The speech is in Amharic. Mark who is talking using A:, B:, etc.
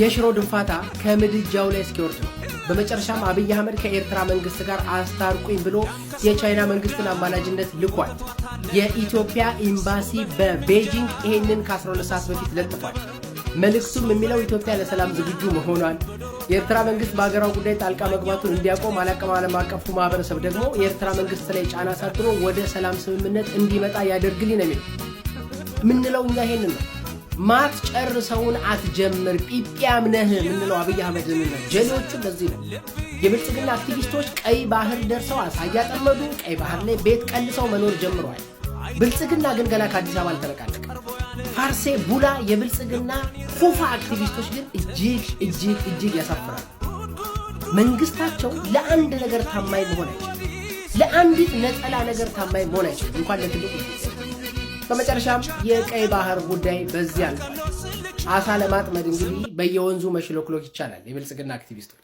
A: የሽሮ ድንፋታ ከምድጃው ላይ እስኪወርድ ነው። በመጨረሻም አብይ አህመድ ከኤርትራ መንግስት ጋር አስታርቁኝ ብሎ የቻይና መንግስትን አማላጅነት ልኳል። የኢትዮጵያ ኤምባሲ በቤጂንግ ይሄንን ከ12 ሰዓት በፊት ለጥፏል። መልእክቱም የሚለው ኢትዮጵያ ለሰላም ዝግጁ መሆኗን የኤርትራ መንግስት በሀገራዊ ጉዳይ ጣልቃ መግባቱን እንዲያቆም ዓለም አቀፉ ማህበረሰብ ደግሞ የኤርትራ መንግስት ላይ ጫና አሳድሮ ወደ ሰላም ስምምነት እንዲመጣ ያደርግልኝ ነው የሚለው። ምንለው እኛ ይሄንን ነው። ማትጨርሰውን አትጀምር ጲጵያም ነህ የምንለው አብይ አህመድን ነው። ጀሌዎቹ በዚህ ነው የብልጽግና አክቲቪስቶች ቀይ ባህር ደርሰው አሳ እያጠመዱ ቀይ ባህር ላይ ቤት ቀልሰው መኖር ጀምረዋል። ብልጽግና ግን ገና ከአዲስ አበባ አልተለቃለቀ። ፋርሴ ቡላ የብልጽግና ፉፋ አክቲቪስቶች ግን እጅግ እጅግ እጅግ ያሳፍራል። መንግስታቸው ለአንድ ነገር ታማኝ መሆን አይችልም። ለአንዲት ነጠላ ነገር ታማኝ መሆን አይችልም። እንኳን ለትልቁ በመጨረሻም የቀይ ባህር ጉዳይ በዚያ አሳ ለማጥመድ እንግዲህ በየወንዙ መሽሎክሎክ ይቻላል የብልጽግና አክቲቪስቶች